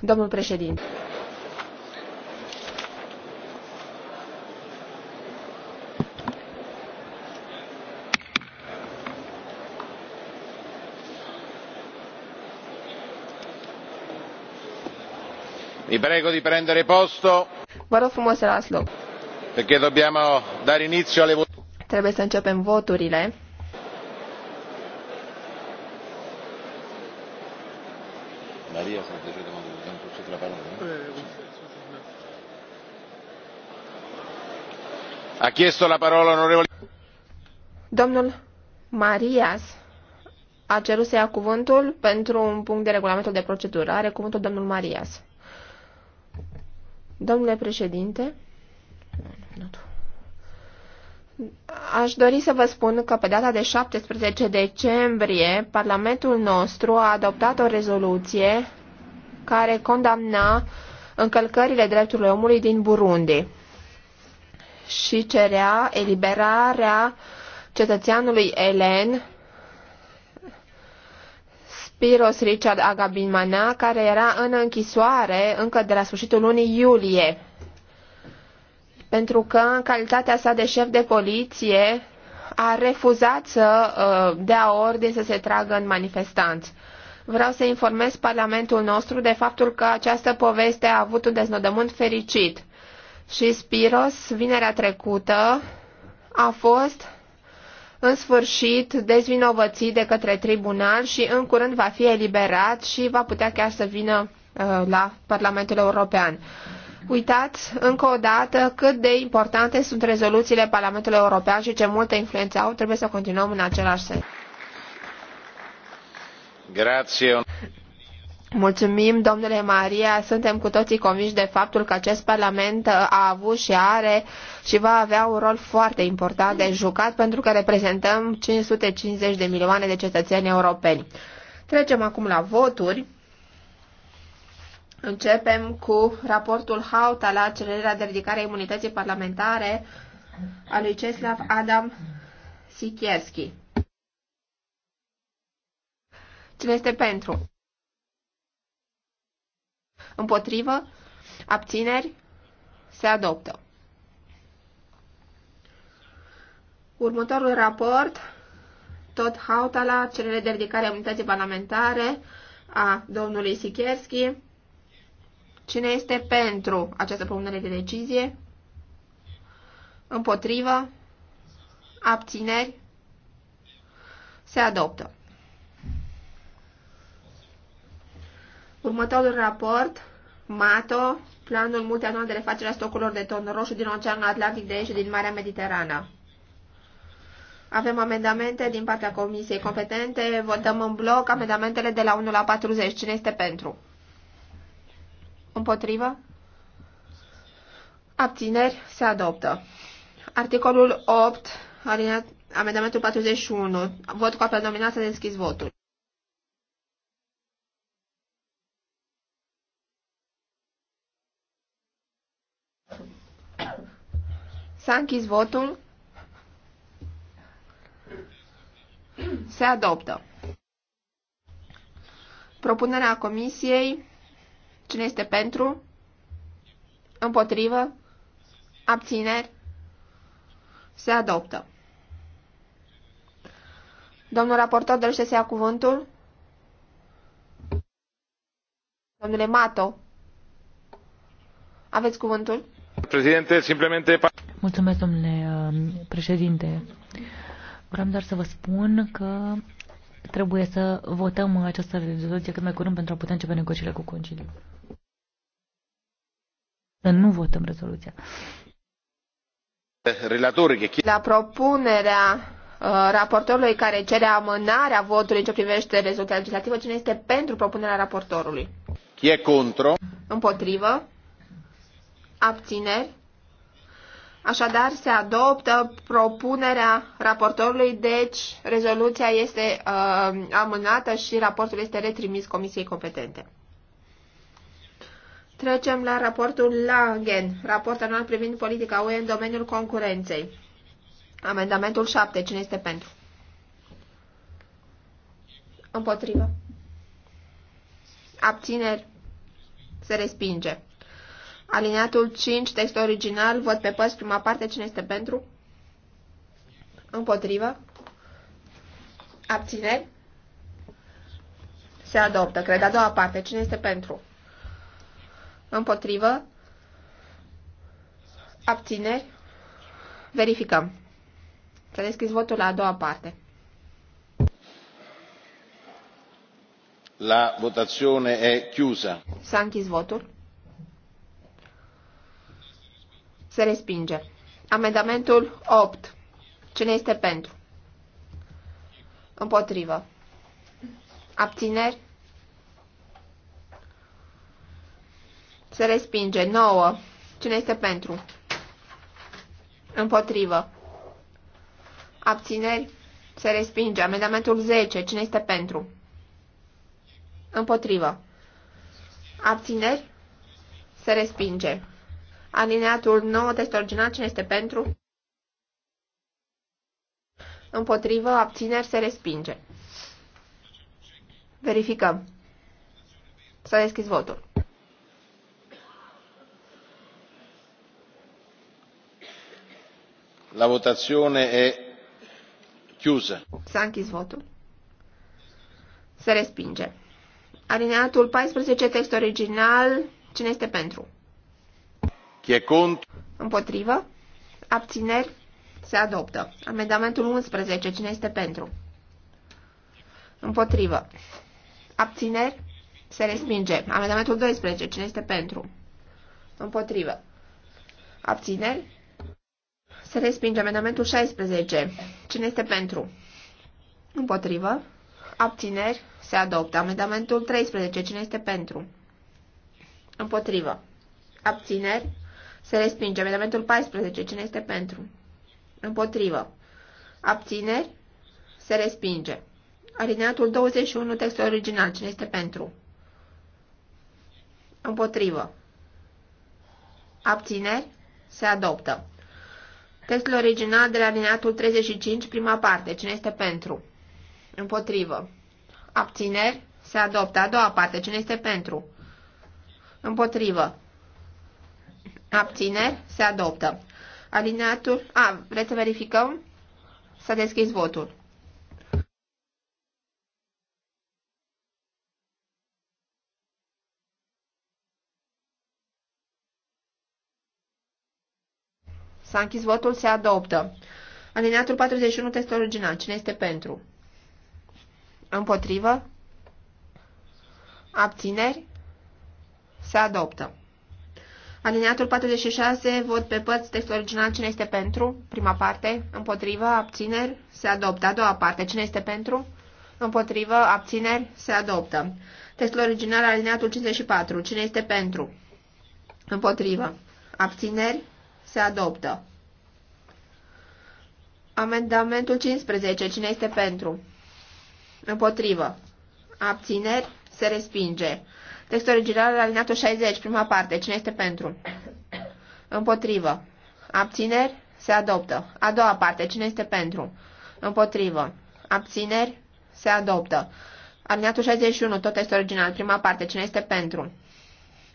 domnul președinte. Vi prego di prendere posto. Vă rog frumos să luați loc. Perché dobbiamo dare inizio Trebuie să începem voturile. Domnul Marias a cerut să ia cuvântul pentru un punct de regulamentul de procedură. Are cuvântul domnul Marias. Domnule președinte, aș dori să vă spun că pe data de 17 decembrie Parlamentul nostru a adoptat o rezoluție care condamna încălcările drepturilor omului din Burundi și cerea eliberarea cetățeanului Elen Spiros Richard Agabimana, care era în închisoare încă de la sfârșitul lunii iulie, pentru că în calitatea sa de șef de poliție a refuzat să uh, dea ordine să se tragă în manifestanți. Vreau să informez Parlamentul nostru de faptul că această poveste a avut un deznodământ fericit și Spiros, vinerea trecută, a fost în sfârșit dezvinovățit de către tribunal și în curând va fi eliberat și va putea chiar să vină uh, la Parlamentul European. Uitați încă o dată cât de importante sunt rezoluțiile Parlamentului European și ce multă influență au. Trebuie să continuăm în același sens. Grazie. Mulțumim, domnule Maria. Suntem cu toții convinși de faptul că acest Parlament uh, a avut și are și va avea un rol foarte important de jucat pentru că reprezentăm 550 de milioane de cetățeni europeni. Trecem acum la voturi. Începem cu raportul Hauta la cererea de ridicare a imunității parlamentare a lui Ceslav Adam Sikierski. Cine este pentru? Împotrivă? Abțineri? Se adoptă. Următorul raport, tot Hautala, cerere de ridicare a unității parlamentare a domnului Sikierski. Cine este pentru această propunere de decizie? Împotrivă? Abțineri? Se adoptă. Următorul raport, MATO, planul multianual de refacere a stocurilor de ton roșu din Oceanul Atlantic de Est și din Marea Mediterană. Avem amendamente din partea Comisiei competente. Votăm în bloc amendamentele de la 1 la 40. Cine este pentru? Împotrivă? Abțineri? Se adoptă. Articolul 8, amendamentul 41. Vot cu apel nominal să deschis votul. S-a închis votul. Se adoptă. Propunerea comisiei. Cine este pentru? Împotrivă? Abțineri? Se adoptă. Domnul raportor dorește să ia cuvântul? Domnule Mato, aveți cuvântul? Președinte, simplemente... Mulțumesc, domnule uh, președinte. Vreau doar să vă spun că trebuie să votăm această rezoluție cât mai curând pentru a putea începe negocierile cu Conciliul. Să nu votăm rezoluția. La propunerea uh, raportorului care cere amânarea votului în ce privește rezoluția legislativă, cine este pentru propunerea raportorului? Chi e contro? Împotrivă? Abțineri? Așadar, se adoptă propunerea raportorului, deci rezoluția este uh, amânată și raportul este retrimis Comisiei competente. Trecem la raportul Langen, raport anual privind politica UE în domeniul concurenței. Amendamentul 7. Cine este pentru? Împotrivă. Abțineri. Se respinge. Alineatul 5, text original, vot pe păs prima parte, cine este pentru? Împotrivă? Abțineri? Se adoptă. Cred a doua parte, cine este pentru? Împotrivă? Abțineri? Verificăm. Să deschizi votul la a doua parte. La votazione è chiusa. S-a închis votul. Se respinge. Amendamentul 8. Cine este pentru? Împotrivă. Abțineri? Se respinge. 9. Cine este pentru? Împotrivă. Abțineri? Se respinge. Amendamentul 10. Cine este pentru? Împotrivă. Abțineri? Se respinge. Alineatul 9, text original, cine este pentru? Împotrivă, abțineri, se respinge. Verificăm. S-a deschis votul. La votazione è chiusa. S-a închis votul. Se respinge. Alineatul 14, text original, cine este pentru? Împotrivă? Abțineri? Se adoptă. Amendamentul 11. Cine este pentru? Împotrivă. Abțineri? Se respinge. Amendamentul 12. Cine este pentru? Împotrivă. Abțineri? Se respinge. Amendamentul 16. Cine este pentru? Împotrivă. Abțineri? Se adoptă. Amendamentul 13. Cine este pentru? Împotrivă. Abțineri? Se respinge. Amendamentul 14. Cine este pentru? Împotrivă. Abțineri? Se respinge. Alineatul 21, textul original. Cine este pentru? Împotrivă. Abțineri? Se adoptă. Textul original de la alineatul 35, prima parte. Cine este pentru? Împotrivă. Abțineri? Se adoptă. A doua parte. Cine este pentru? Împotrivă. Abțineri? Se adoptă. Alineatul? A, vreți să verificăm? S-a deschis votul. S-a închis votul, se adoptă. Alineatul 41, test original. Cine este pentru? Împotrivă? Abțineri? Se adoptă. Alineatul 46, vot pe părți, textul original, cine este pentru? Prima parte, împotrivă, abțineri, se adoptă. A doua parte, cine este pentru? Împotrivă, abțineri, se adoptă. Textul original, alineatul 54, cine este pentru? Împotrivă, abțineri, se adoptă. Amendamentul 15, cine este pentru? Împotrivă, abțineri, se respinge. Textul original la alineatul 60, prima parte. Cine este pentru? Împotrivă. Abțineri? Se adoptă. A doua parte. Cine este pentru? Împotrivă. Abțineri? Se adoptă. Alineatul 61, tot textul original. Prima parte. Cine este pentru?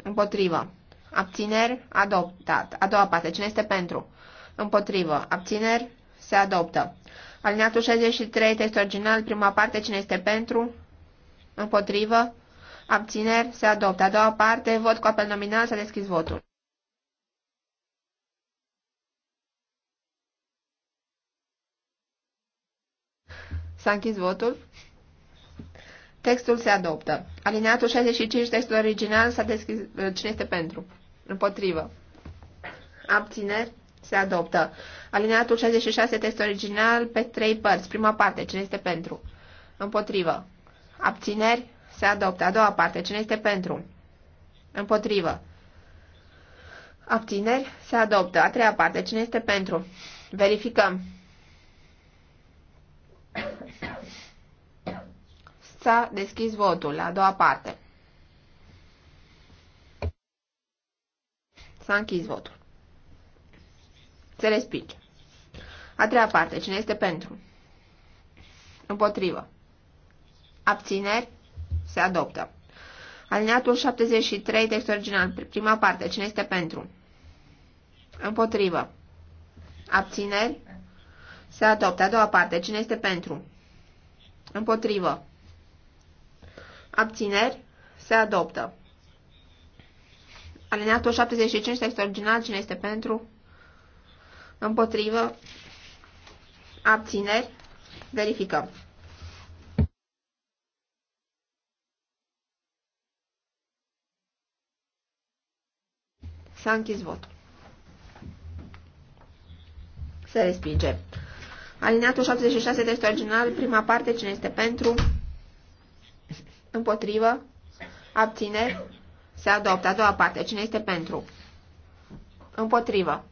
Împotrivă. Abțineri? Adoptat. A doua parte. Cine este pentru? Împotrivă. Abțineri? Se adoptă. Alineatul 63, text original, prima parte. Cine este pentru? Împotrivă abțineri, se adoptă. A doua parte, vot cu apel nominal, s-a deschis votul. S-a închis votul. Textul se adoptă. Alineatul 65, textul original, s-a deschis... Cine este pentru? Împotrivă. Abțineri, se adoptă. Alineatul 66, textul original, pe trei părți. Prima parte, cine este pentru? Împotrivă. Abțineri, se adoptă. A doua parte, cine este pentru? Împotrivă. Abțineri, se adoptă. A treia parte, cine este pentru? Verificăm. S-a deschis votul la a doua parte. S-a închis votul. Se respinge. A treia parte. Cine este pentru? Împotrivă. Abțineri? Se adoptă. Alineatul 73, text original, prima parte. Cine este pentru? Împotrivă. Abțineri? Se adoptă. A doua parte. Cine este pentru? Împotrivă. Abțineri? Se adoptă. Alineatul 75, text original, cine este pentru? Împotrivă? Abțineri? Verificăm. S-a închis votul. Se respinge. Alineatul 76, text original, prima parte, cine este pentru, împotrivă, abțineri, se adoptă. A doua parte, cine este pentru, împotrivă,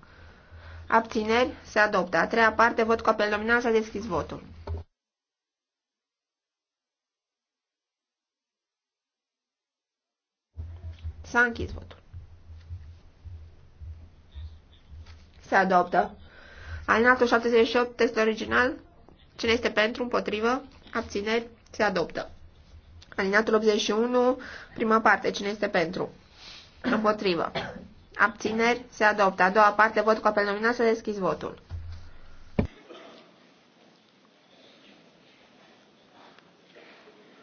abțineri, se adoptă. A treia parte, vot cu apel nominal, s-a deschis votul. S-a închis votul. Se adoptă. Alinatul 78, text original. Cine este pentru, împotrivă, abțineri, se adoptă. Alinatul 81, prima parte. Cine este pentru? Împotrivă. Abțineri, se adoptă. A doua parte, vot cu apel nominal, să deschis votul.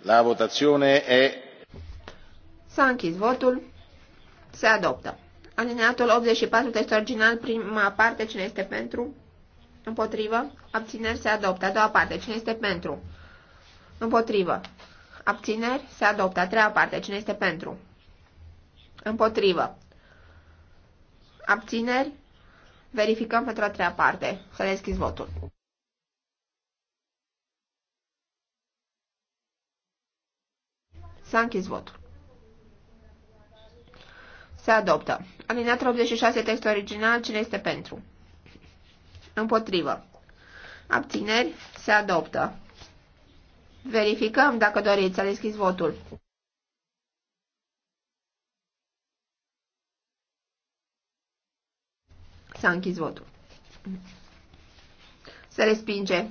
La votazione e... S-a închis votul. Se adoptă. Alineatul 84, este original, prima parte, cine este pentru? Împotrivă. Abțineri se adoptă. A doua parte, cine este pentru? Împotrivă. Abțineri se adoptă. A treia parte, cine este pentru? Împotrivă. Abțineri. Verificăm pentru a treia parte. Să deschizi votul. S-a închis votul. Se adoptă. Alineatul 86, text original, cine este pentru? Împotrivă. Abțineri? Se adoptă. Verificăm dacă doriți. să deschis votul. S-a închis votul. Se respinge.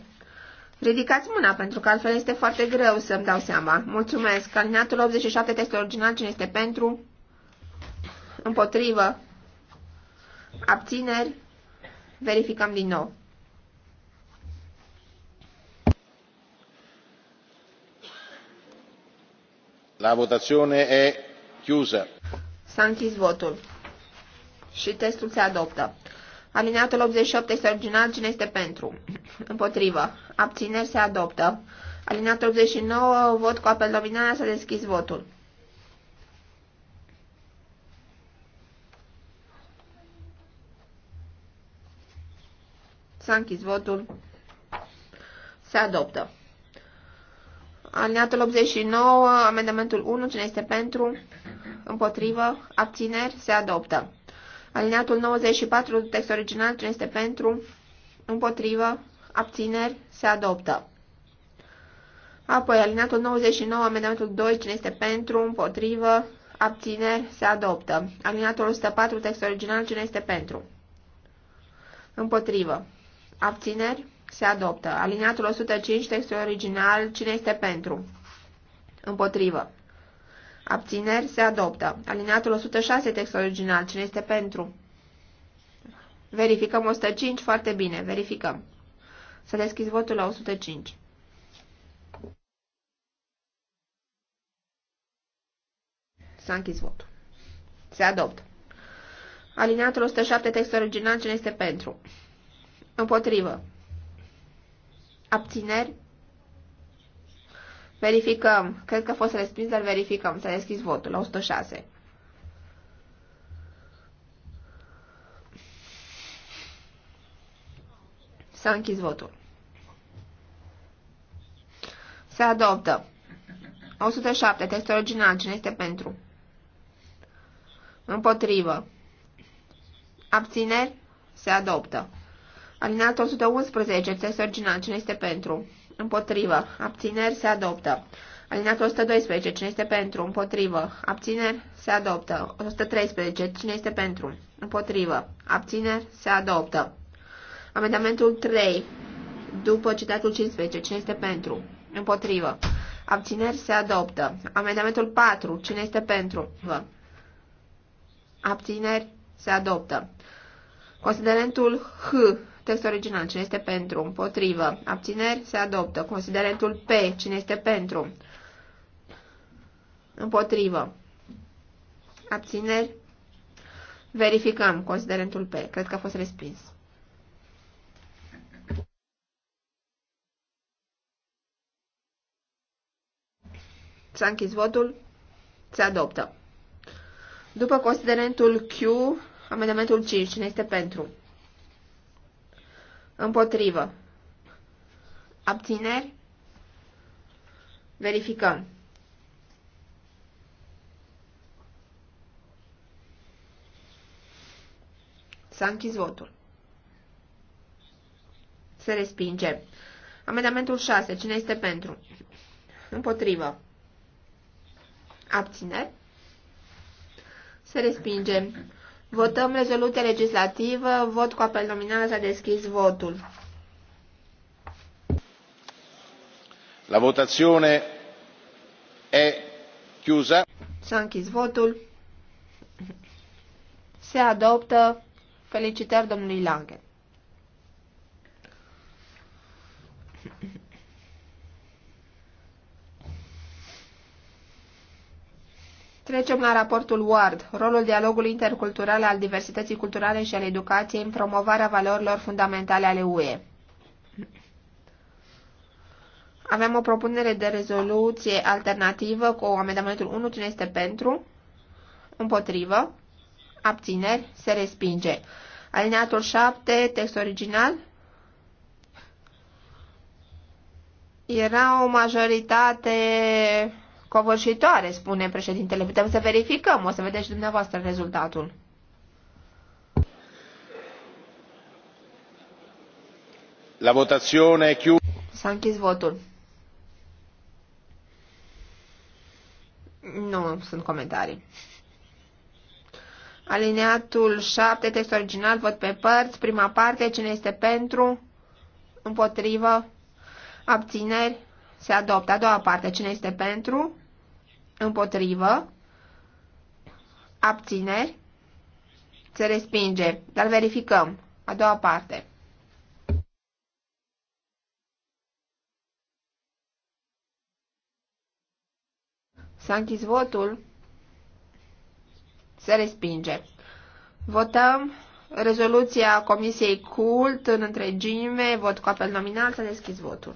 Ridicați mâna, pentru că altfel este foarte greu să-mi dau seama. Mulțumesc. Alineatul 87, textul original, cine este pentru? Împotrivă. Abțineri. Verificăm din nou. La votazione è chiusa. S-a închis votul. Și testul se adoptă. Alineatul 88 este original. Cine este pentru? Împotrivă. Abțineri se adoptă. Alineatul 89, vot cu apel nominal, s-a deschis votul. S-a închis votul. Se adoptă. Alineatul 89, amendamentul 1, cine este pentru, împotrivă, abțineri, se adoptă. Alineatul 94, text original, cine este pentru, împotrivă, abțineri, se adoptă. Apoi, alineatul 99, amendamentul 2, cine este pentru, împotrivă, abțineri, se adoptă. Alineatul 104, text original, cine este pentru, împotrivă, Abțineri? Se adoptă. Aliniatul 105, textul original, cine este pentru? Împotrivă. Abțineri? Se adoptă. Aliniatul 106, textul original, cine este pentru? Verificăm 105, foarte bine, verificăm. Să deschizi votul la 105. S-a închis votul. Se adoptă. Alineatul 107, text original, cine este pentru? Împotrivă. Abțineri. Verificăm. Cred că a fost respins, dar verificăm. S-a deschis votul la 106. S-a închis votul. Se adoptă. 107. Text original. Cine este pentru? Împotrivă. Abțineri? Se adoptă. Alineatul 111, text original, cine este pentru? Împotrivă. Abțineri se adoptă. Alineatul 112, cine este pentru? Împotrivă. Abțineri se adoptă. 113, cine este pentru? Împotrivă. Abțineri se adoptă. Amendamentul 3, după citatul 15, cine este pentru? Împotrivă. Abțineri se adoptă. Amendamentul 4, cine este pentru? Vă. Abțineri se adoptă. Considerentul H, Textul original. Cine este pentru? Împotrivă. Abțineri? Se adoptă. Considerentul P. Cine este pentru? Împotrivă. Abțineri? Verificăm considerentul P. Cred că a fost respins. S-a închis votul. Se adoptă. După considerentul Q, amendamentul 5. Cine este pentru? Împotrivă. Abțineri? Verificăm. S-a închis votul. Se respinge. Amendamentul 6. Cine este pentru? Împotrivă. Abțineri? Se respinge. Votăm rezoluția legislativă, vot cu apel nominal, s-a deschis votul. La votazione è chiusa. S-a închis votul. Se adoptă. Felicitări domnului Langen. Trecem la raportul Ward, rolul dialogului intercultural al diversității culturale și al educației în promovarea valorilor fundamentale ale UE. Avem o propunere de rezoluție alternativă cu amendamentul 1, cine este pentru, împotrivă, abțineri, se respinge. Alineatul 7, text original, era o majoritate covârșitoare, spune președintele. Putem să verificăm, o să vedeți dumneavoastră rezultatul. La votazione chiu... S-a închis votul. Nu sunt comentarii. Alineatul 7, text original, vot pe părți. Prima parte, cine este pentru, împotrivă, abțineri, se adoptă. A doua parte, cine este pentru, Împotrivă. Abțineri. Se respinge. Dar verificăm. A doua parte. S-a închis votul. Se respinge. Votăm rezoluția Comisiei Cult în întregime, vot cu apel nominal, s-a deschis votul.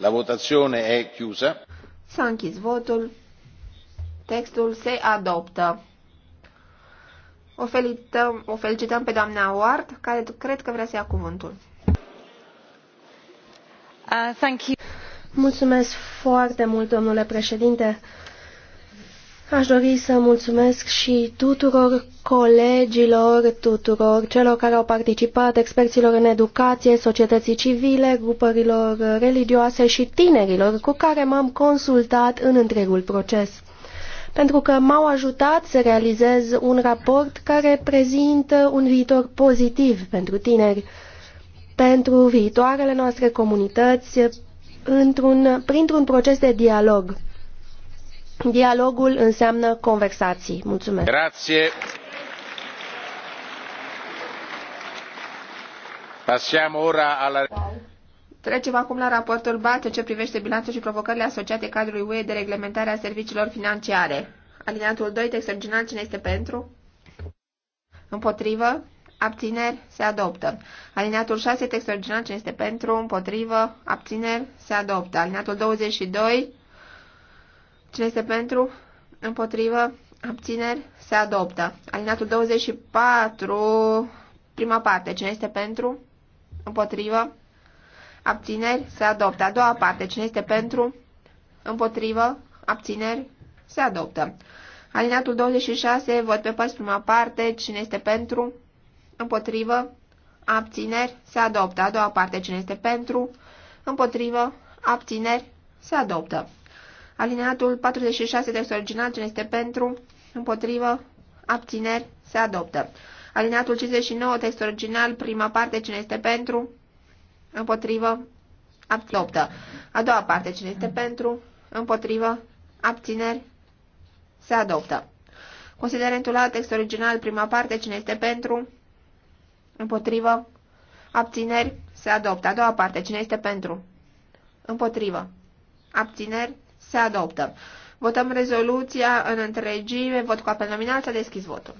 La votazione è chiusa. s votul. Textul se adoptă. O, felicităm, o felicităm pe doamna Ward, care cred că vrea să ia cuvântul. Uh, thank you. Mulțumesc foarte mult, domnule președinte. Aș dori să mulțumesc și tuturor colegilor, tuturor celor care au participat, experților în educație, societății civile, grupărilor religioase și tinerilor cu care m-am consultat în întregul proces. Pentru că m-au ajutat să realizez un raport care prezintă un viitor pozitiv pentru tineri, pentru viitoarele noastre comunități, printr-un proces de dialog Dialogul înseamnă conversații. Mulțumesc. Grazie. Passiamo ora alla... Trecem acum la raportul BAT ce privește bilanțul și provocările asociate cadrului UE de reglementare a serviciilor financiare. Alineatul 2, text original, cine este pentru? Împotrivă? Abțineri? Se adoptă. Alineatul 6, text original, cine este pentru? Împotrivă? Abțineri? Se adoptă. Alineatul 22, Cine este pentru? Împotrivă? Abțineri? Se adoptă. Alinatul 24, prima parte. Cine este pentru? Împotrivă? Abțineri? Se adoptă. A doua parte. Cine este pentru? Împotrivă? Abțineri? Se adoptă. Alinatul 26, vot pe părți prima parte. Cine este pentru? Împotrivă? Abțineri? Se adoptă. A doua parte. Cine este pentru? Împotrivă? Abțineri? Se adoptă. Alineatul 46 de original, cine este pentru, împotrivă, abțineri, se adoptă. Alineatul 59, text original, prima parte, cine este pentru, împotrivă, adoptă. A doua parte, cine este pentru, împotrivă, abțineri, se adoptă. Considerentul A, text original, prima parte, cine este pentru, împotrivă, abțineri, se adoptă. A doua parte, cine este pentru, împotrivă, abțineri, se adoptă. Votăm rezoluția în întregime. Vot cu apel nominal. S-a deschis votul.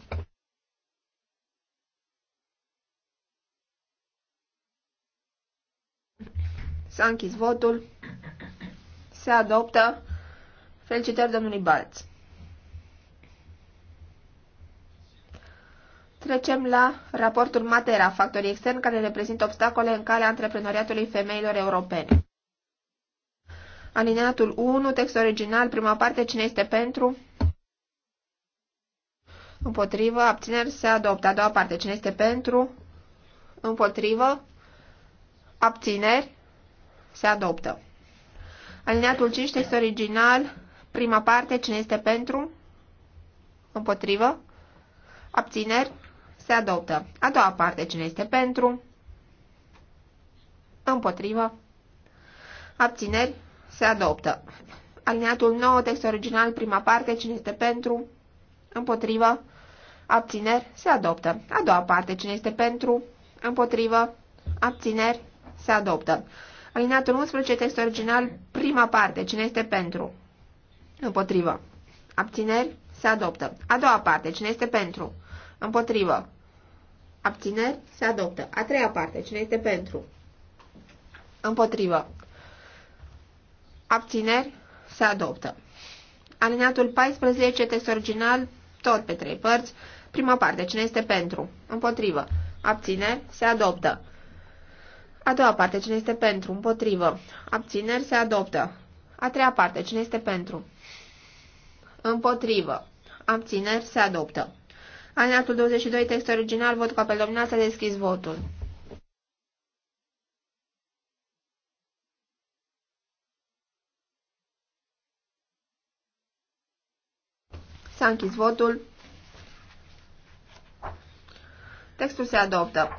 S-a închis votul. Se adoptă. Felicitări domnului Balț. Trecem la raportul Matera, factorii externi care reprezintă obstacole în calea antreprenoriatului femeilor europene. Alineatul 1, text original, prima parte, cine este pentru? Împotrivă, abțineri, se adoptă. A doua parte, cine este pentru? Împotrivă, abțineri, se adoptă. Alineatul 5, text original, prima parte, cine este pentru? Împotrivă, abțineri, se adoptă. A doua parte, cine este pentru? Împotrivă, abțineri, se adoptă. Aliniatul 9, text original, prima parte, cine este pentru, împotrivă, abțineri, se adoptă. A doua parte, cine este pentru, împotrivă, abțineri, se adoptă. Aliniatul 11, text original, prima parte, cine este pentru, împotrivă, abțineri, se adoptă. A doua parte, cine este pentru, împotrivă, abțineri, se adoptă. A treia parte, cine este pentru, împotrivă, Abțineri? Se adoptă. Alineatul 14, text original, tot pe trei părți. Prima parte, cine este pentru? Împotrivă. Abțineri? Se adoptă. A doua parte, cine este pentru? Împotrivă. Abțineri? Se adoptă. A treia parte, cine este pentru? Împotrivă. Abțineri? Se adoptă. Alineatul 22, text original, vot cu apel dominat, s-a deschis votul. S-a închis votul. Textul se adoptă.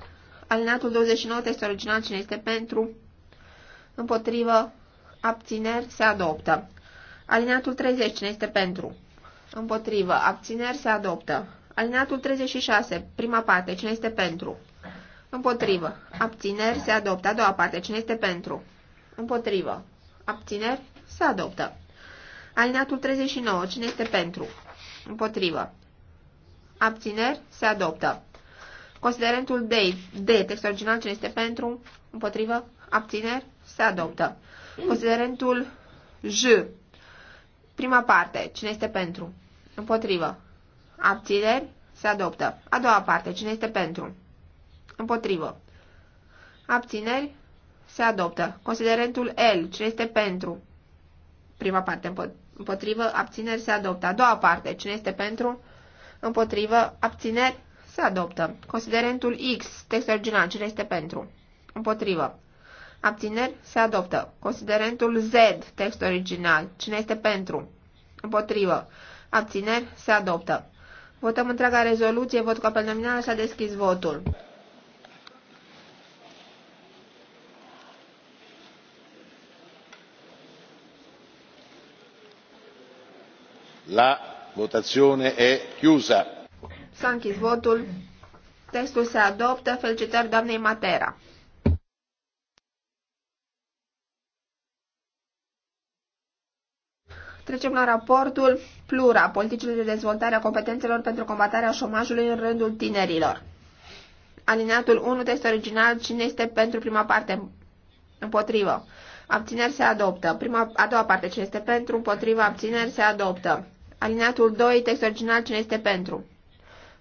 Alineatul 29, text original, cine este pentru? Împotrivă, abțineri, se adoptă. Alineatul 30, cine este pentru? Împotrivă, abțineri, se adoptă. Alineatul 36, prima parte, cine este pentru? Împotrivă, abțineri, se adoptă. A doua parte, cine este pentru? Împotrivă, abțineri, se adoptă. Alineatul 39, cine este pentru? Împotrivă. Abțineri. Se adoptă. Considerentul D. D. Text original. Cine este pentru? Împotrivă. Abțineri. Se adoptă. Considerentul J. Prima parte. Cine este pentru? Împotrivă. Abțineri. Se adoptă. A doua parte. Cine este pentru? Împotrivă. Abțineri. Se adoptă. Considerentul L. Cine este pentru? Prima parte împotrivă, abțineri se adoptă. A doua parte, cine este pentru, împotrivă, abțineri se adoptă. Considerentul X, text original, cine este pentru, împotrivă, abțineri se adoptă. Considerentul Z, text original, cine este pentru, împotrivă, abțineri se adoptă. Votăm întreaga rezoluție, vot cu apel nominal, s-a deschis votul. la votazione è chiusa. s votul. Textul se adoptă. Felicitări doamnei Matera. Trecem la raportul Plura, politicile de dezvoltare a competențelor pentru combaterea șomajului în rândul tinerilor. Alineatul 1, text original, cine este pentru prima parte? Împotrivă. Abțineri se adoptă. Prima, a doua parte, cine este pentru? Împotrivă. Abțineri se adoptă. Alineatul 2, text original, cine este pentru?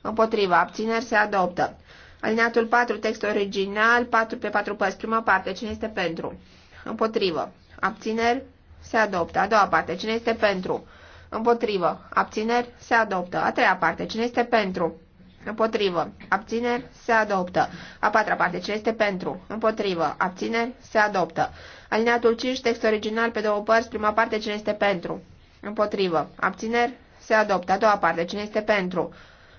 Împotriva, abțineri se adoptă. Alineatul 4, text original, 4 pe 4 părți, prima parte, cine este pentru? Împotrivă, abțineri se adoptă. A doua parte, cine este pentru? Împotrivă, abțineri se adoptă. A treia parte, cine este pentru? Împotrivă. Abțineri se adoptă. A patra parte. cine este pentru? Împotrivă. Abțineri se adoptă. Alineatul 5, text original pe două părți, prima parte, cine este pentru? Împotrivă. Abțineri. Se adoptă. A doua parte. Cine este pentru?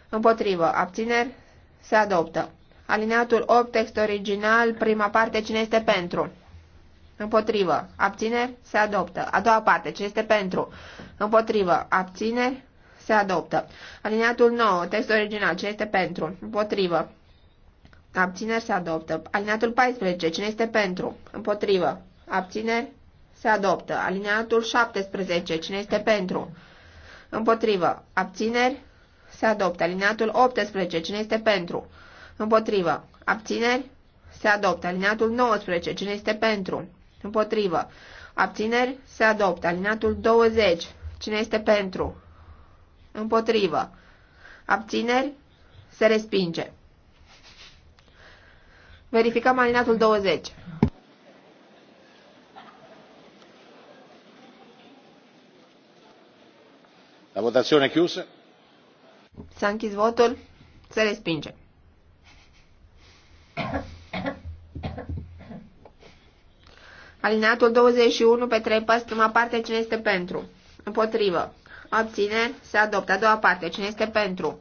Împotrivă. Abțineri. Se adoptă. Alineatul 8, text original, prima parte. Cine este pentru? Împotrivă. Abțineri. Se adoptă. A doua parte. Cine este pentru? Împotrivă. Abțineri. Se adoptă. Alineatul 9, text original. Cine este pentru? Împotrivă. Abțineri se adoptă. Alineatul 14. Cine este pentru? Împotrivă. Abțineri se adoptă. Alineatul 17. Cine este pentru? Împotrivă. Abțineri? Se adoptă. Alineatul 18. Cine este pentru? Împotrivă. Abțineri? Se adoptă. Alineatul 19. Cine este pentru? Împotrivă. Abțineri? Se adoptă. Alineatul 20. Cine este pentru? Împotrivă. Abțineri? Se respinge. Verificăm alineatul 20. la votazione chiusa s-a închis votul se respinge Alineatul 21 pe 3 părți, prima parte, cine este pentru? Împotrivă. Abține, se adoptă. A doua parte, cine este pentru?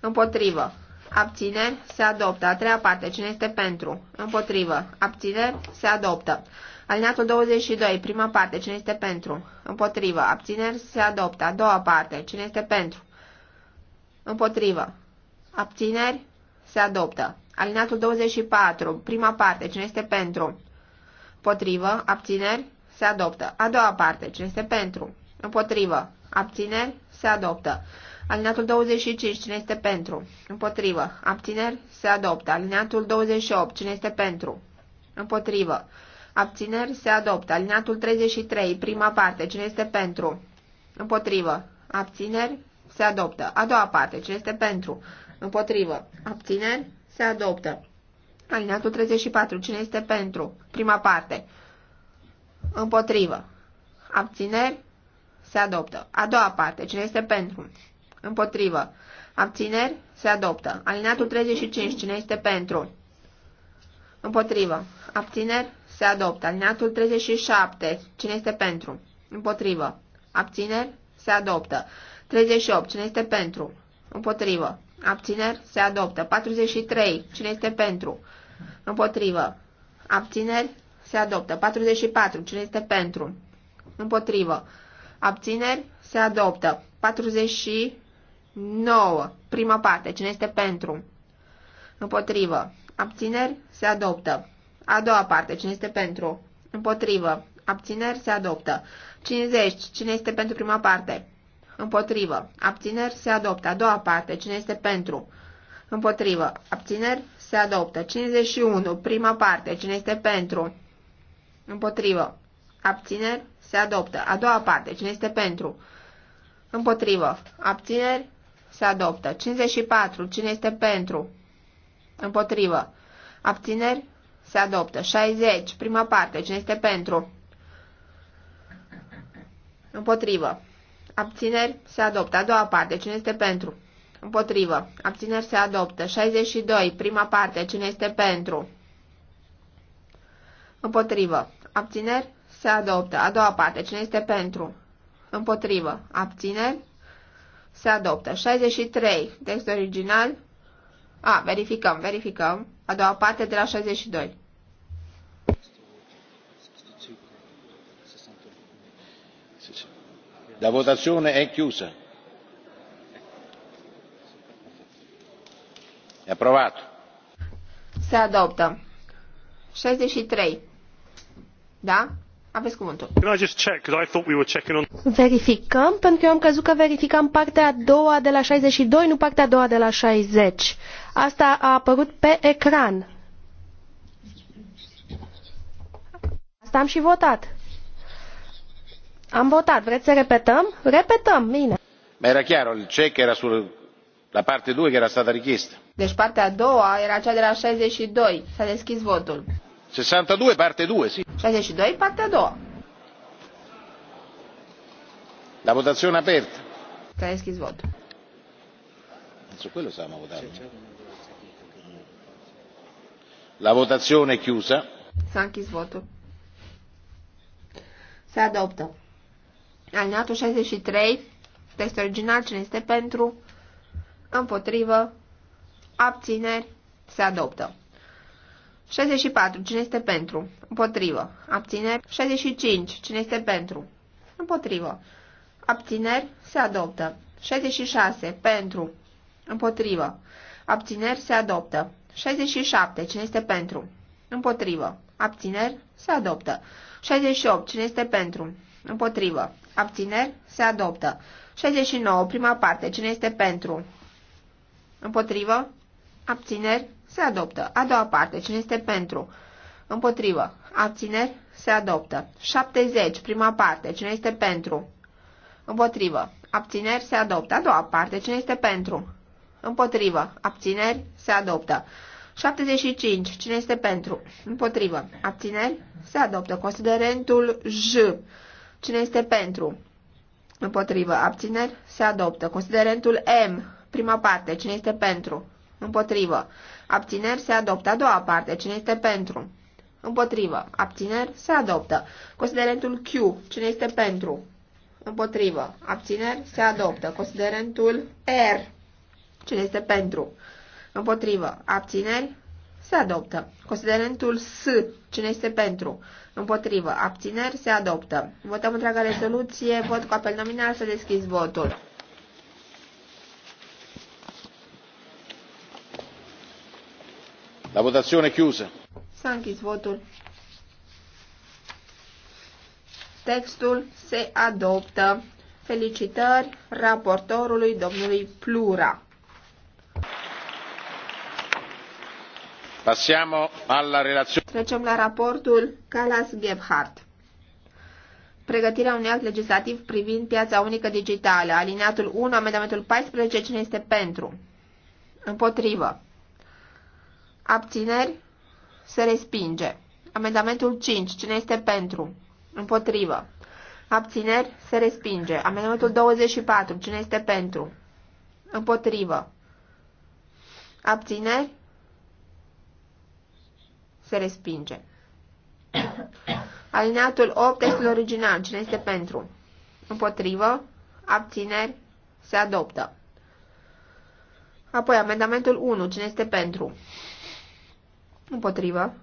Împotrivă. Abține, se adoptă. A treia parte, cine este pentru? Împotrivă. Abține, se adoptă. Alineatul 22, prima parte, cine este pentru? Împotrivă. Abțineri se adoptă. A doua parte, cine este pentru? Împotrivă. Abțineri se adoptă. Alineatul 24, prima parte, cine este pentru? Împotrivă. Abțineri se adoptă. A doua parte, cine este pentru? Împotrivă. Abțineri se adoptă. Alineatul 25, cine este pentru? Împotrivă. Abțineri se adoptă. Alineatul 28, cine este pentru? Împotrivă. Abțineri se adoptă. Alineatul 33, prima parte. Cine este pentru? Împotrivă. Abțineri se adoptă. A doua parte. Cine este pentru? Împotrivă. Abțineri se adoptă. Alineatul 34. Cine este pentru? Prima parte. Împotrivă. Abțineri se adoptă. A doua parte. Cine este pentru? Împotrivă. Abțineri se adoptă. Alineatul 35. Cine este pentru? Împotrivă. Abțineri se adoptă. Alineatul 37. Cine este pentru? Împotrivă. Abțineri? Se adoptă. 38. Cine este pentru? Împotrivă. Abțineri? Se adoptă. 43. Cine este pentru? Împotrivă. Abțineri? Se adoptă. 44. Cine este pentru? Împotrivă. Abțineri? Se adoptă. 49. Prima parte. Cine este pentru? Împotrivă. Abțineri? Se adoptă. A doua parte, cine este pentru? Împotrivă. Abțineri se adoptă. 50. Cine este pentru prima parte? Împotrivă. Abțineri se adoptă. A doua parte. Cine este pentru? Împotrivă. Abțineri se adoptă. 51. Prima parte. Cine este pentru? Împotrivă. Abțineri se adoptă. A doua parte. Cine este pentru? Împotrivă. Abțineri se adoptă. 54. Cine este pentru? Împotrivă. Abțineri se adoptă. 60, prima parte, cine este pentru? Împotrivă. Abțineri se adoptă. A doua parte, cine este pentru? Împotrivă. Abțineri se adoptă. 62, prima parte, cine este pentru? Împotrivă. Abțineri se adoptă. A doua parte, cine este pentru? Împotrivă. Abțineri se adoptă. 63, text original. A, verificăm, verificăm. A doua parte de la 62. La votazione è chiusa. È approvato. Se adoptă. 63. Da? Aveți cuvântul. Verificăm, pentru că eu am crezut că verificam partea a doua de la 62, nu partea a doua de la 60. Asta a apărut pe ecran. Asta am și votat. Am votat. Vreți să repetăm? Repetăm, bine. Ma era chiar, il check era sul, la parte 2 che era stata richiesta. Deci partea a doua era cea de la 62. S-a deschis votul. 62, parte 2, sì. 62, partea a doua. La votazione aperta. S-a deschis Su quello stiamo votando. La votazione è chiusa. Sanchi svoto. Se adoptă. Alineatul 63, text original, ne este pentru, împotrivă, abțineri, se adoptă. 64. Cine este pentru? Împotrivă. Abțineri. 65. Cine este pentru? Împotrivă. Abțineri. Se adoptă. 66. Pentru. Împotrivă. Abțineri. Se adoptă. 67. Cine este pentru? Împotrivă. Abțineri. Se adoptă. 68. Cine este pentru? Împotrivă. Abțineri. Se adoptă. 69. Prima parte. Cine este pentru? Împotrivă. Abțineri se adoptă. A doua parte, cine este pentru? Împotrivă. Abțineri, se adoptă. 70, prima parte, cine este pentru? Împotrivă. Abțineri, se adoptă. A doua parte, cine este pentru? Împotrivă. Abțineri, se adoptă. 75. Cine este pentru? Împotrivă. Abțineri? Se adoptă. Considerentul J. Cine este pentru? Împotrivă. Abțineri? Se adoptă. Considerentul M. Prima parte. Cine este pentru? Împotrivă. Abțineri se adoptă. A doua parte. Cine este pentru? Împotrivă. Abțineri se adoptă. Considerentul Q. Cine este pentru? Împotrivă. Abțineri se adoptă. Considerentul R. Cine este pentru? Împotrivă. Abțineri se adoptă. Considerentul S. Cine este pentru? Împotrivă. Abțineri se adoptă. Votăm întreaga rezoluție. Vot cu apel nominal. Să deschizi votul. La votazione chiusa. S-a închis votul. Textul se adoptă. Felicitări raportorului domnului Plura. Passiamo alla relazione. Trecem la raportul Calas Gebhardt. Pregătirea unui act legislativ privind piața unică digitală. Alineatul 1, amendamentul 14, cine este pentru? Împotrivă. Abțineri? Se respinge. Amendamentul 5. Cine este pentru? Împotrivă. Abțineri? Se respinge. Amendamentul 24. Cine este pentru? Împotrivă. Abțineri? Se respinge. Alineatul 8, textul original. Cine este pentru? Împotrivă. Abțineri? Se adoptă. Apoi, amendamentul 1. Cine este pentru? Împotrivă.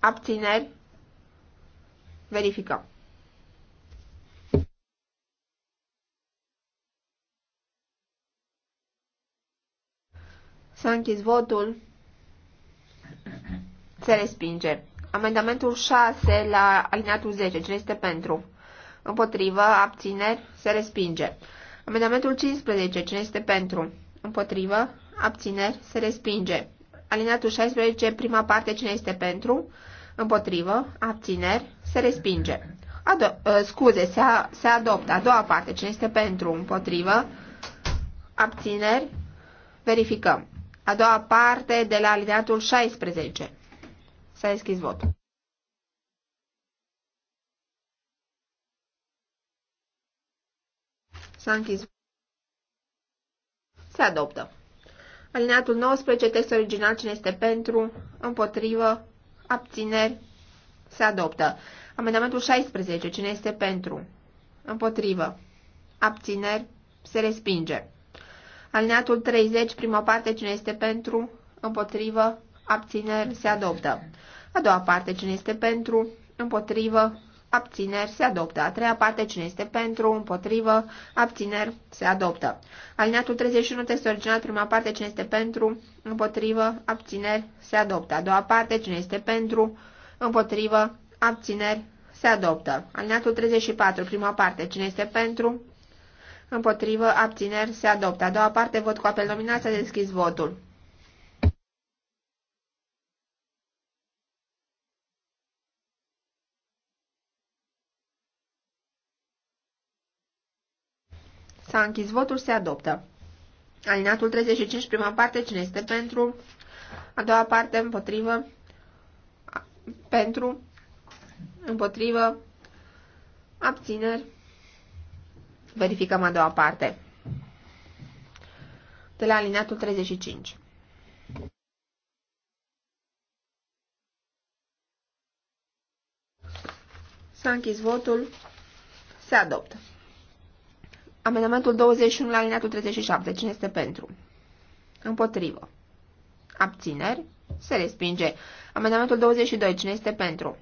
Abțineri. Verificăm. S-a închis votul. Se respinge. Amendamentul 6 la alineatul 10. Cine este pentru? Împotrivă. Abțineri. Se respinge. Amendamentul 15. Cine este pentru? Împotrivă. Abțineri. Se respinge. Alineatul 16, prima parte, cine este pentru? Împotrivă, abțineri, se respinge. Ado- uh, scuze, se, a, se adoptă. A doua parte, cine este pentru? Împotrivă, abțineri, verificăm. A doua parte de la alineatul 16. S-a deschis votul. S-a închis. Se adoptă. Alineatul 19, text original, cine este pentru, împotrivă, abțineri, se adoptă. Amendamentul 16, cine este pentru, împotrivă, abțineri, se respinge. Alineatul 30, prima parte, cine este pentru, împotrivă, abțineri, se adoptă. A doua parte, cine este pentru, împotrivă, abțineri, se adoptă. A treia parte, cine este pentru, împotrivă, abțineri, se adoptă. Alineatul 31, text original, prima parte, cine este pentru, împotrivă, abțineri, se adoptă. A doua parte, cine este pentru, împotrivă, abțineri, se adoptă. Alineatul 34, prima parte, cine este pentru, împotrivă, abțineri, se adoptă. A doua parte, vot cu apel nominal, s-a deschis votul. S-a închis votul, se adoptă. Alinatul 35, prima parte, cine este pentru? A doua parte, împotrivă. Pentru. Împotrivă. Abțineri. Verificăm a doua parte. De la alinatul 35. S-a închis votul. Se adoptă. Amendamentul 21 la alineatul 37. Cine este pentru? Împotrivă. Abțineri. Se respinge. Amendamentul 22. Cine este pentru?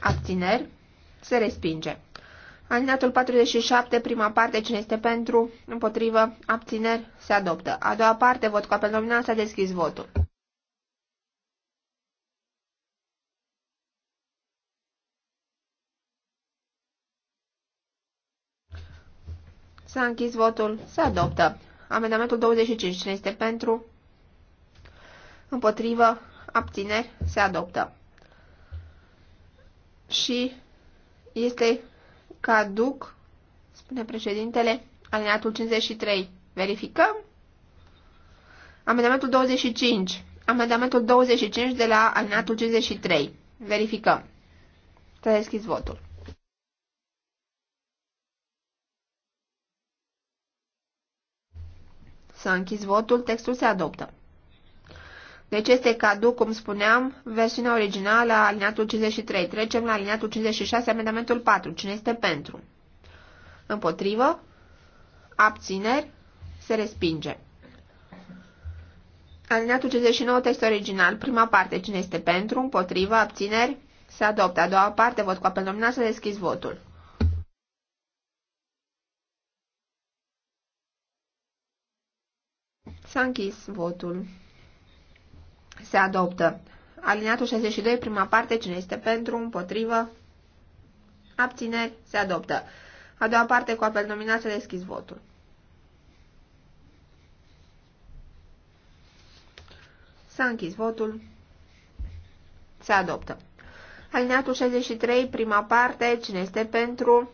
Abțineri. Se respinge. Alineatul 47, prima parte, cine este pentru, împotrivă, abțineri, se adoptă. A doua parte, vot cu apel nominal, s-a deschis votul. S-a închis votul. Se adoptă. Amendamentul 25. Cine este pentru? Împotrivă. Abțineri. Se adoptă. Și este caduc, spune președintele, alineatul 53. Verificăm. Amendamentul 25. Amendamentul 25 de la alineatul 53. Verificăm. S-a deschis votul. S-a închis votul, textul se adoptă. Deci este cadou? cum spuneam, versiunea originală a alineatul 53. Trecem la alineatul 56, amendamentul 4. Cine este pentru? Împotrivă? Abțineri? Se respinge. Alineatul 59, text original, prima parte. Cine este pentru? Împotrivă? Abțineri? Se adoptă. A doua parte, vot cu apel nominal, să deschizi votul. S-a închis votul. Se adoptă. Alineatul 62, prima parte, cine este pentru, împotrivă, abțineri, se adoptă. A doua parte, cu apel nominat, se deschis votul. S-a închis votul. Se adoptă. Alineatul 63, prima parte, cine este pentru,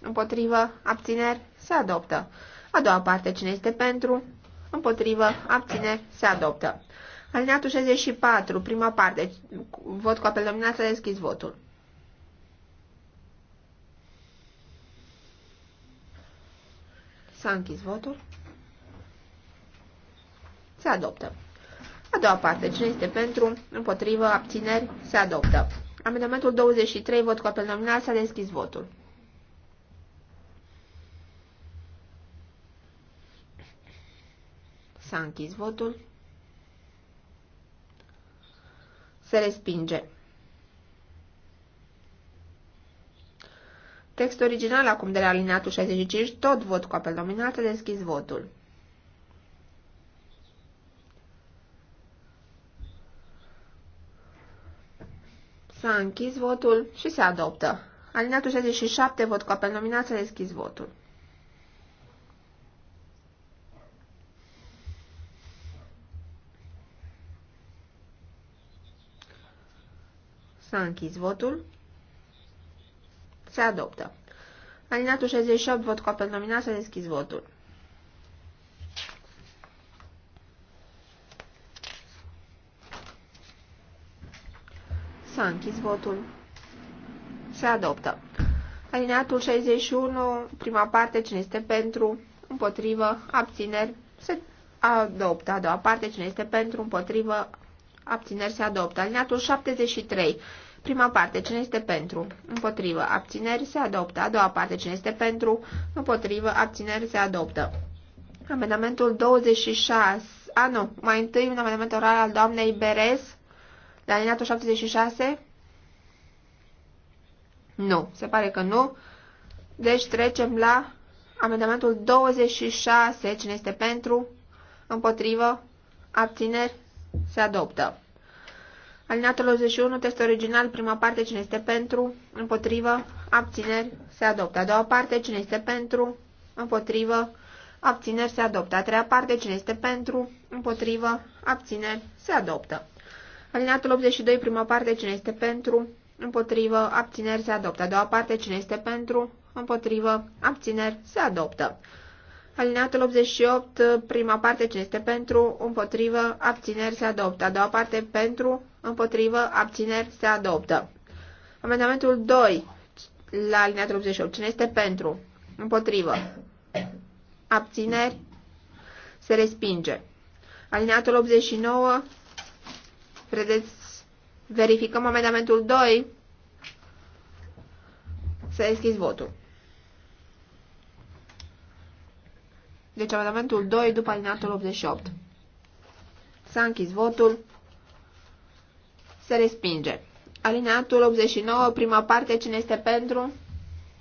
împotrivă, abțineri, se adoptă. A doua parte, cine este pentru, Împotrivă. abține, Se adoptă. Alineatul 64, prima parte. Vot cu apel nominal să deschis votul. S-a închis votul. Se adoptă. A doua parte. Cine este pentru? Împotrivă. Abțineri. Se adoptă. Amendamentul 23, vot cu apel nominal, s-a deschis votul. S-a închis votul. Se respinge. Text original acum de la alineatul 65, tot vot cu apel nominal, să deschis votul. S-a închis votul și se adoptă. Alineatul 67, vot cu apel nominal, să deschis votul. S-a închis votul. Se adoptă. Alinatul 68, vot cu apel nominal, s-a deschis votul. S-a închis votul. Se adoptă. Alineatul 61, prima parte, cine este pentru, împotrivă, abțineri, se adoptă. A doua parte, cine este pentru, împotrivă, abțineri se adoptă. Alineatul 73, prima parte, cine este pentru? Împotrivă, abțineri se adoptă. A doua parte, cine este pentru? Împotrivă, abțineri se adoptă. Amendamentul 26, a nu, mai întâi un amendament oral al doamnei Berez, la alineatul 76? Nu, se pare că nu. Deci trecem la amendamentul 26. Cine este pentru? Împotrivă? Abțineri? Se adoptă. Alineatul 21, text original, prima parte, cine este pentru, împotrivă, abțineri, se adoptă. A doua parte, cine este pentru, împotrivă, abțineri, se adoptă. A treia parte, cine este pentru, împotrivă, abțineri, se adoptă. Alineatul 82, prima parte, cine este pentru, împotrivă, abțineri, se adoptă. A doua parte, cine este pentru, împotrivă, abțineri, se adoptă. Alineatul 88, uh, prima parte, ce este pentru, împotrivă, abțineri, se adoptă. A doua parte, pentru, împotrivă, abțineri, se adoptă. Amendamentul 2, la alineatul 88, cine este pentru, împotrivă, abțineri, se respinge. Alineatul 89, vedeți, verificăm amendamentul 2, să deschizi votul. Deci amendamentul 2 după alineatul 88. S-a închis votul. Se respinge. Alineatul 89, prima parte, cine este pentru?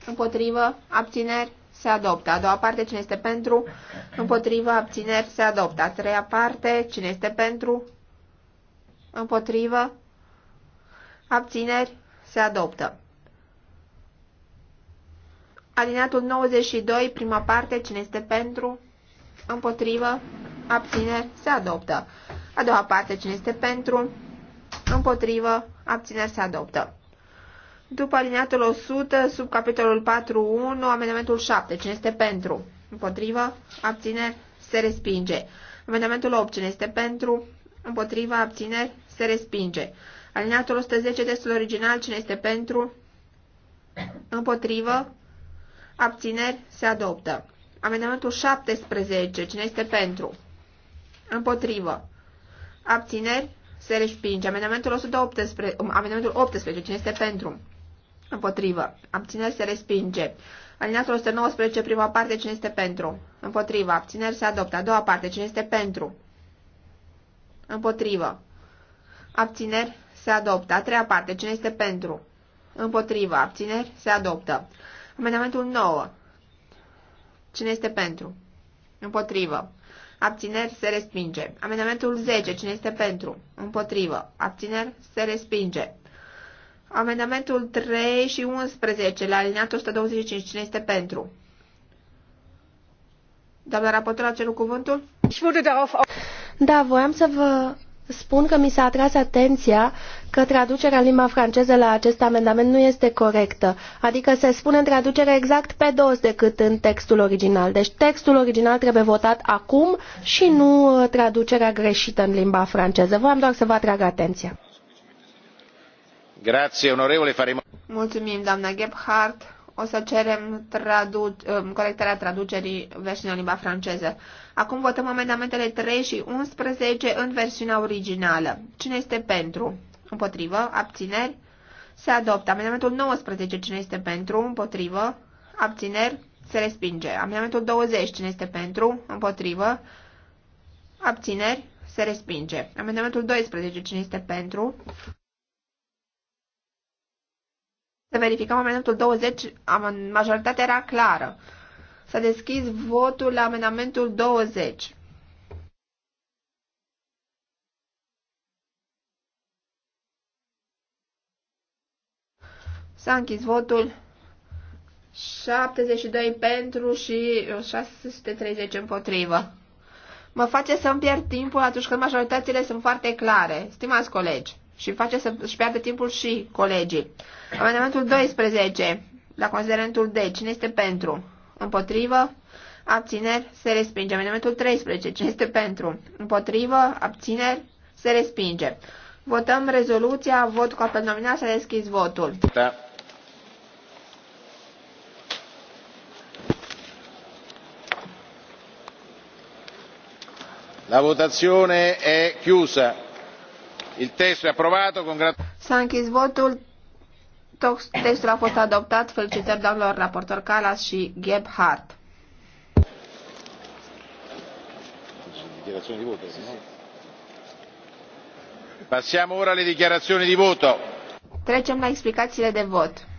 Împotrivă, abțineri, se adoptă. A doua parte, cine este pentru? Împotrivă, abțineri, se adoptă. A treia parte, cine este pentru? Împotrivă, abțineri, se adoptă. Alineatul 92, prima parte, cine este pentru? Împotrivă? Abțineri? Se adoptă. A doua parte, cine este pentru? Împotrivă? Abțineri? Se adoptă. După alineatul 100, sub capitolul 4.1, amendamentul 7, cine este pentru? Împotrivă? Abțineri? Se respinge. Amendamentul 8, cine este pentru? Împotriva abțineri se respinge. Alineatul 110, testul original, cine este pentru? Împotrivă, abțineri, se adoptă. Amendamentul 17, cine este pentru? Împotrivă. Abțineri, se respinge. Amendamentul 118, um, amendamentul 18, cine este pentru? Împotrivă. Abțineri, se respinge. Alineatul 119, prima parte, cine este pentru? Împotrivă. Abțineri, se adoptă. A doua parte, cine este pentru? Împotrivă. Abțineri, se adoptă. A treia parte, cine este pentru? Împotrivă. Abțineri, se adoptă. Amendamentul 9. Cine este pentru? Împotrivă. Abțineri se respinge. Amendamentul 10. Cine este pentru? Împotrivă. Abțineri se respinge. Amendamentul 3 și 11 la alineatul 125. Cine este pentru? Doamna raportor a cerut cuvântul? Da, voiam să vă spun că mi s-a atras atenția că traducerea în limba franceză la acest amendament nu este corectă, adică se spune în traducere exact pe dos decât în textul original. Deci textul original trebuie votat acum și nu uh, traducerea greșită în limba franceză. Voiam doar să vă atrag atenția. Grazie, onorevole, faremo... Mulțumim, doamna Gebhardt o să cerem tradu- um, colectarea traducerii în limba franceză. Acum votăm amendamentele 3 și 11 în versiunea originală. Cine este pentru? Împotrivă? Abțineri? Se adoptă. Amendamentul 19. Cine este pentru? Împotrivă? Abțineri? Se respinge. Amendamentul 20. Cine este pentru? Împotrivă? Abțineri? Se respinge. Amendamentul 12. Cine este pentru? Să verificăm amendamentul 20, majoritatea era clară. Să deschizi votul la amendamentul 20. S-a închis votul 72 pentru și 630 împotrivă. Mă face să-mi pierd timpul atunci când majoritățile sunt foarte clare, stimați colegi și face să și piardă timpul și colegii. Amendamentul 12, la considerentul D, cine este pentru? Împotrivă? Abțineri? Se respinge. Amendamentul 13, cine este pentru? Împotrivă? Abțineri? Se respinge. Votăm rezoluția, vot cu apel nominal, s-a deschis votul. Da. La votazione è chiusa. Il testo è approvato con S-a votul. Textul a fost adoptat. Felicitări doamnelor raportor Calas și Gebhardt. Dichiarazioni di voto, no? Passiamo ora alle dichiarazioni di voto. Trecem la explicațiile de vot.